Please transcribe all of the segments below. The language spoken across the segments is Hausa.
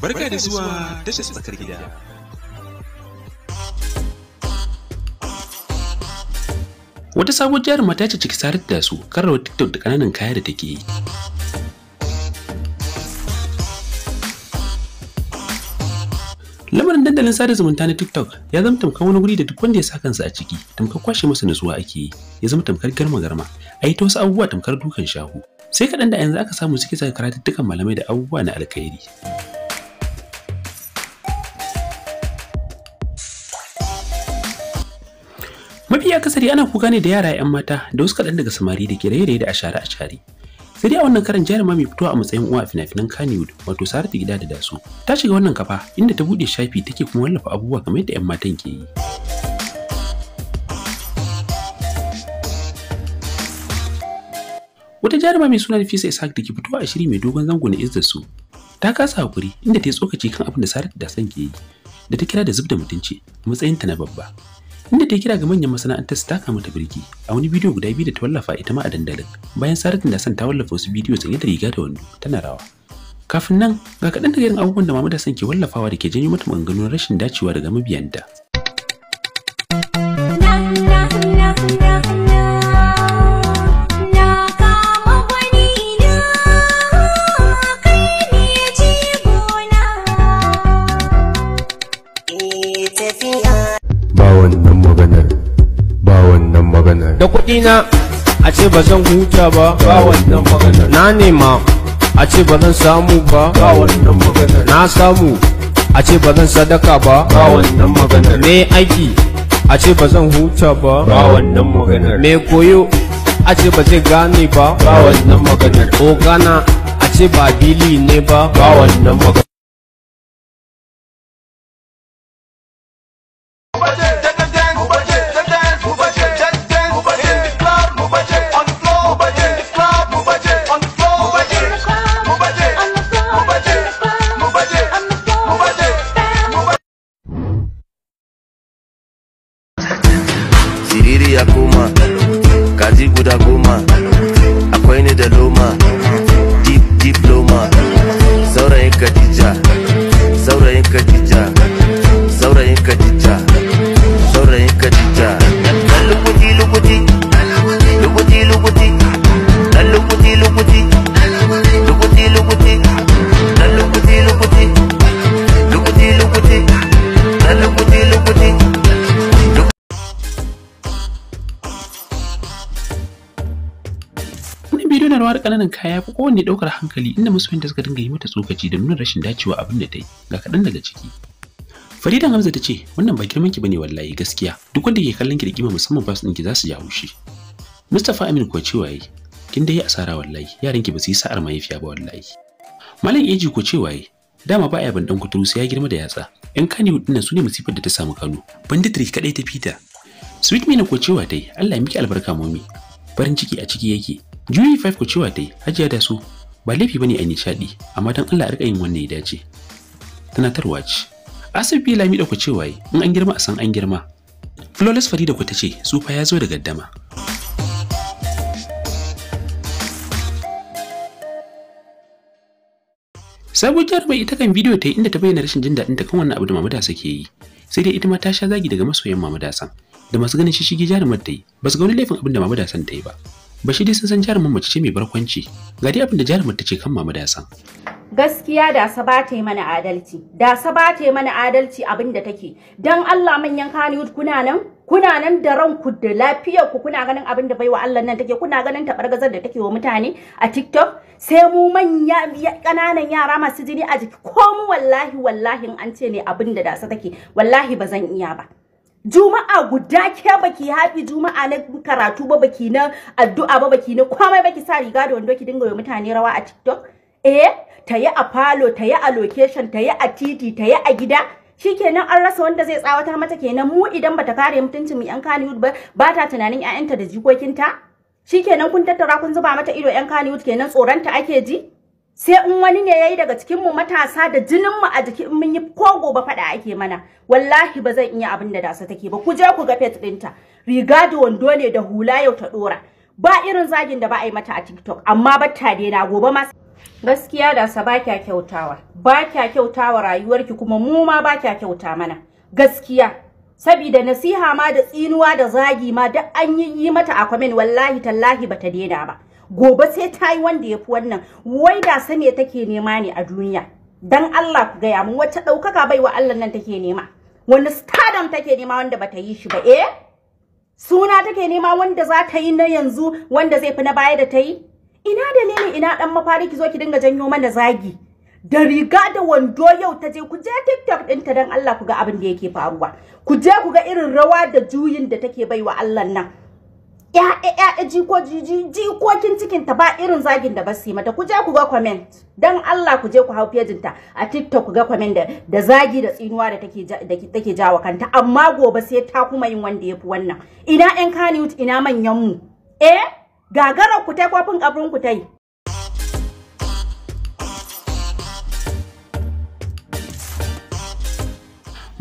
Barka da zuwa tashar tsakar gida. Wata sabuwar jaruma ta ce ciki sarar da su kan rawar TikTok da kananan kaya da take yi. Lamarin dandalin sada zumunta na TikTok ya zama tamkar wani wuri da duk wanda ya sa kansa a ciki tamkar kwashe masa nutsuwa ake yi ya zama tamkar garma-garma a yi ta wasu abubuwa tamkar dukan shahu sai kaɗan da yanzu aka samu suke saka dukkan malamai da abubuwa na alkhairi. mafi akasari ana kuka ne da yara 'yan mata da wasu kaɗan daga samari da ke raye da ashare ashare sai dai a wannan karan jaruma mai fitowa a matsayin uwa a fina-finan wato saratu gida da dasu ta shiga wannan kafa inda ta buɗe shafi take kuma wallafa abubuwa kamar yadda 'yan matan ke yi wata jaruma mai suna fisa isa da ke fitowa a shiri mai dogon zango na izzar su ta kasa hakuri inda ta yi tsokaci kan abin da Saratu da san ke yi da ta kira da zub da mutunci a matsayin na babba inda ta kira ga manyan masana'antar su taka mata birki a wani bidiyo guda biyu da ta wallafa ita ma a dandalin bayan saratin da san ta wallafa wasu bidiyo sanye da riga da wando tana rawa kafin nan ga kaɗan daga irin abubuwan da mamu da san ke wallafawa da ke janyo mata maganganun rashin dacewa daga mabiyanta wannan maganar ba wannan maganar da kuɗi na a ce ba zan huta ba ba wannan maganar na nema a ce ba zan samu ba ba wannan maganar na samu a ce ba zan sadaka ba ba wannan maganar me aiki a ce ba zan huta ba ba wannan maganar me koyo a ce ba zai gane ba ba wannan maganar ko gana a ce ba bili ne ba ba wannan maganar Bidiyo na ƙananan kaya ko kowanne ɗaukar hankali inda masoyan da suka dinga yi mata tsokaci da nuna rashin dacewa abin da ta yi ga kaɗan daga ciki. Faridan Hamza ta ce wannan ba girman ki bane wallahi gaskiya duk wanda ke kallon ki da kima musamman bas ki za su ja haushi. Mustapha Amin kuwa cewa yi kin dai asara wallahi yaran ki ba su yi sa'ar mahaifiya ba wallahi. Malam Eji ko cewa yi dama ba a ban dan kuturu sai ya girma da yatsa yan kaniwu dinnan su ne masifar da ta samu kano banditri kaɗai ta fita sweet mina ko cewa dai Allah ya miki albarka momi farin ciki a ciki yake Juyi 5 ku cewa ta yi, hajiya da su, ba laifi bane a nishaɗi, amma don Allah a riƙa yin wannan ya dace. Tana tarwa ce. Asif Lami da ku cewa yi, in an girma a san an girma. Flawless Farida ku ta ce, su fa ya zo da gaddama. Sabuwar jarumai ita kan bidiyo ta yi inda ta bayyana rashin jin ta kan wannan abu da Mamada suke yi. Sai dai ita ma ta sha zagi daga masoyan Mamada san. Da masu ganin shishigi jarumar ta yi, ba su ga wani laifin abin da Mamada san ta yi ba. dai sun san jarumin mace ce mai barkwanci. Ga dai abin da jarumin ta ce kan Mama Dasan. Gaskiya da sa ba ta yi mana adalci. Da sa ba ta yi mana adalci abin da take. Dan Allah manyan Hollywood kuna nan? Kuna nan da ranku da lafiyar ku kuna ganin abin da bai wa Allah nan take kuna ganin tabargazar da take wa mutane a TikTok sai mu manya kananan yara masu jini a jiki ko mu wallahi wallahi an ce ne abin da da take wallahi bazan iya ba. juma'a guda ke baki hafi juma'a na karatu ba baki na addu'a ba baki na komai baki sa riga da wando ki dinga mutane rawa a tiktok eh ta yi a falo ta yi a location ta yi a titi ta yi a gida shikenan an rasa wanda zai tsawata mata kenan mu idan bata kare mutuncin mu yan Kannywood ba ba ta tunanin ƴaƴanta da jikokinta shikenan kun tattara kun zuba mata ido yan Kannywood kenan tsoronta ake ji sai in wani ne yayi daga cikin mu matasa da jinin mu a jiki in mun yi ko gobe fada ake mana wallahi ba zan iya abin da dasa take ba ku je ku ga fet dinta riga da wando ne da hula yau ta dora ba irin zagin da ba a yi mata a TikTok amma batta dai na gobe ma gaskiya da sa ba kya kyautawa ba kya kyautawa rayuwarki kuma mu ma ba kya kyauta mana gaskiya sabida nasiha ma da tsinuwa da zagi ma duk an yi mata a comment wallahi tallahi bata daina ba gobe sai ta yi wanda ya fi wannan wai da sane take nema ne a duniya dan Allah ku gaya mun wacce ɗaukaka bai wa Allah nan take nema wani stardom take nema wanda bata yi shi ba eh suna take nema wanda za ta yi na yanzu wanda zai fi na baya da ta yi ina da nene ina dan mafari ki zo ki dinga janyo mana zagi da riga da wando yau ta je ku je TikTok ɗinta dan Allah ku ga abin da yake faruwa ku je ku ga irin rawa da juyin da take baiwa Allah nan ƴaƴa jiko jikokin ta ba irin zagin da ba su yi mata ku je ku ga comment dan Allah ku je ku hau ta a TikTok ku ga comment da zagi da tsinuwa da take take jawa kanta amma gobe sai ta kuma yin wanda yafi wannan ina yan Kannywood ina manyan mu eh gagarar ku tai kofin kabrin ku tai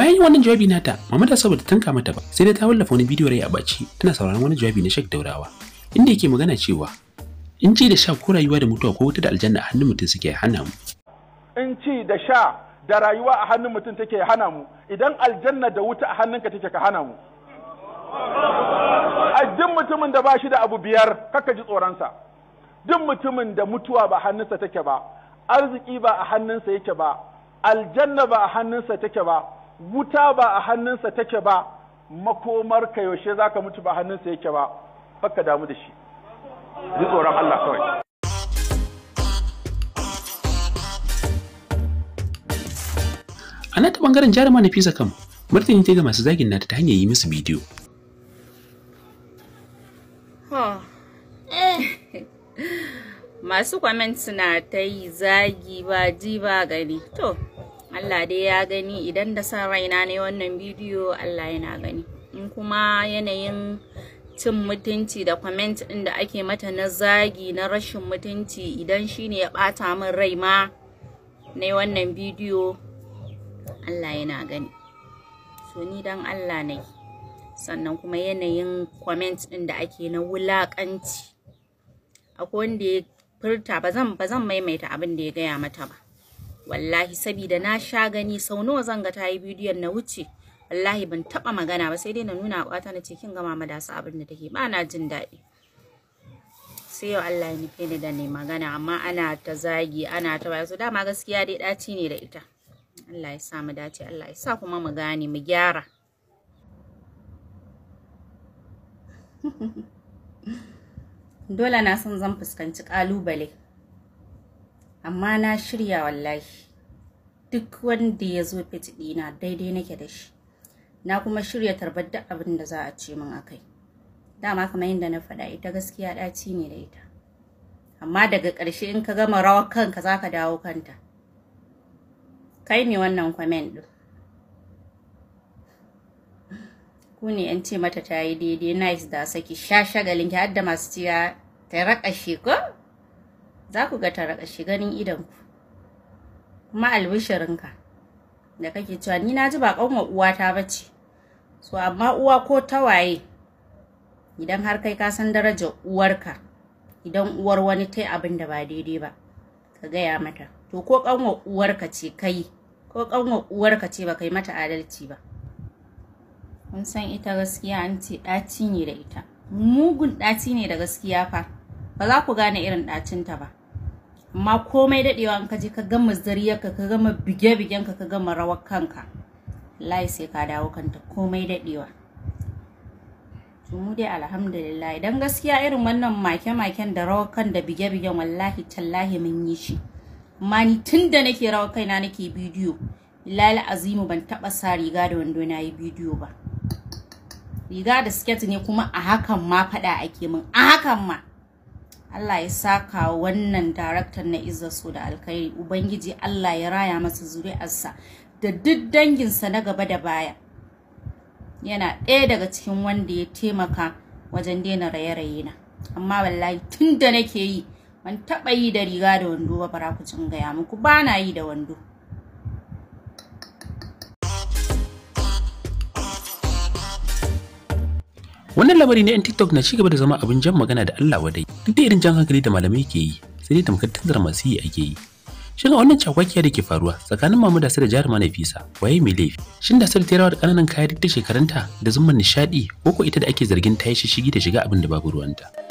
Bayan yin wannan jawabi nata, Mama da saboda tanka mata ba, sai dai ta wallafa wani bidiyo rai a baci tana sauraron wani jawabi na shak Daurawa, inda yake magana cewa in ci da sha ko rayuwa da mutuwa ko wuta da aljanna a hannun mutum suke hana mu. In ci da sha da rayuwa a hannun mutum take hana mu, idan aljanna da wuta a hannunka take ka hana mu. A duk mutumin da ba shi da abu biyar, kaka ji tsoronsa. Duk mutumin da mutuwa ba hannunsa take ba, arziki ba a hannunsa yake ba, aljanna ba a hannunsa take ba, wuta ba a hannunsa take ba makomar ka yaushe ka mutu ba hannunsa yake ba baka damu da shi ji tsoron Allah kawai a nan ta bangaren jaruma na fisa kam martini ta ga masu zagin nata ta hanyar yi musu bidiyo eh. masu kwament suna ta yi zagi ba ji ba gani to Allah dai ya gani idan da sa raina ne wannan bidiyo Allah yana gani in kuma yanayin cin mutunci da comment ɗin da ake mata na zagi na rashin mutunci idan shine ya bata min rai ma ne wannan bidiyo Allah yana gani so ni dan Allah ne sannan kuma yanayin comment ɗin da ake na wulakanci akwai wanda ya furta ba zan maimaita abin da ya gaya mata ba wallahi sabida na sha gani sau nawa zan ga tayi bidiyon na wuce wallahi ban taba magana ba sai dai na nuna kwata na ce kin ga mama da su abin da take ba na jin daɗi sai yau Allah ya nufe ni da ne magana amma ana ta zagi ana ta bayan su dama gaskiya dai ɗaci ne da ita Allah ya sa mu dace Allah ya sa kuma mu gane mu gyara dole na san zan fuskanci ƙalubale amma na shirya wallahi duk wanda ya zo fiti ɗina daidai nake da shi na kuma shirya tarbar duk abin da za a ce min akai dama kamar yadda na faɗa ita gaskiya ɗaci ne da ita amma daga ƙarshe in ka gama rawar kanka za ka dawo kanta kai ne wannan kwamen ɗin ku ne an ce mata ta yi daidai nice da saki sha shagalin ki har da masu ciya ta raƙashe ko za ku ga tarakashi ganin idanku kuma albishirinka da kake cewa ni na ji ba kanwa uwata ba ce so amma uwa ko tawaye idan har kai ka san darajar uwarka idan uwar wani ta abin da ba daidai ba ka gaya mata to ko kanwa uwarka ce kai ko kanwa uwarka ce ba kai mata adalci ba kun san ita gaskiya an ce ɗaci ne da ita mugun ɗaci ne da gaskiya fa ba za ku gane irin ɗacinta ba ma komai dadewa in ka je ka gama zariyarka ka gama bige-bigenka ka gama rawar kanka lai sai ka dawo kanta komai dadewa mu dai alhamdulillah idan gaskiya irin wannan make-maken da rawar kan da bige-bigen wallahi tallahi mun yi shi amma ni da nake rawar kaina nake bidiyo lalai azimu ban taba sa riga da wando na yi bidiyo ba riga da siket ne kuma a hakan ma fada ake min a hakan ma Allah ya saka wannan daraktan na su da alkhairi ubangiji Allah ya raya masa zuri'arsa da duk danginsa na gaba da baya yana ɗaya daga cikin wanda ya taimaka wajen daina raye-raye na amma wallahi tun da nake yi ban taɓa yi da riga da wando ba bara ku cin gaya muku ba na yi da wando wannan labari ne 'yan tiktok na cigaba da zama abin jan magana da allah wadai duk da irin jan hankali da malamai ke yi sai dai tamkar tazar masu yi ake yi shin a wannan cakwakiya da ke faruwa tsakanin mamu da da jaruma nafisa waye mai laifi shin da sir terawa da kananan kaya duk da shekarunta da zumman nishadi ko ko ita da ake zargin ta yi shigi da shiga abin da babu ruwanta